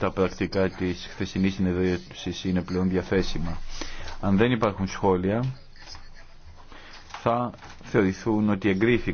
τα πρακτικά της χθεσινής συνεδρίασης είναι πλέον διαθέσιμα. Αν δεν υπάρχουν σχόλια, θα θεωρηθούν ότι εγκρίθηκαν.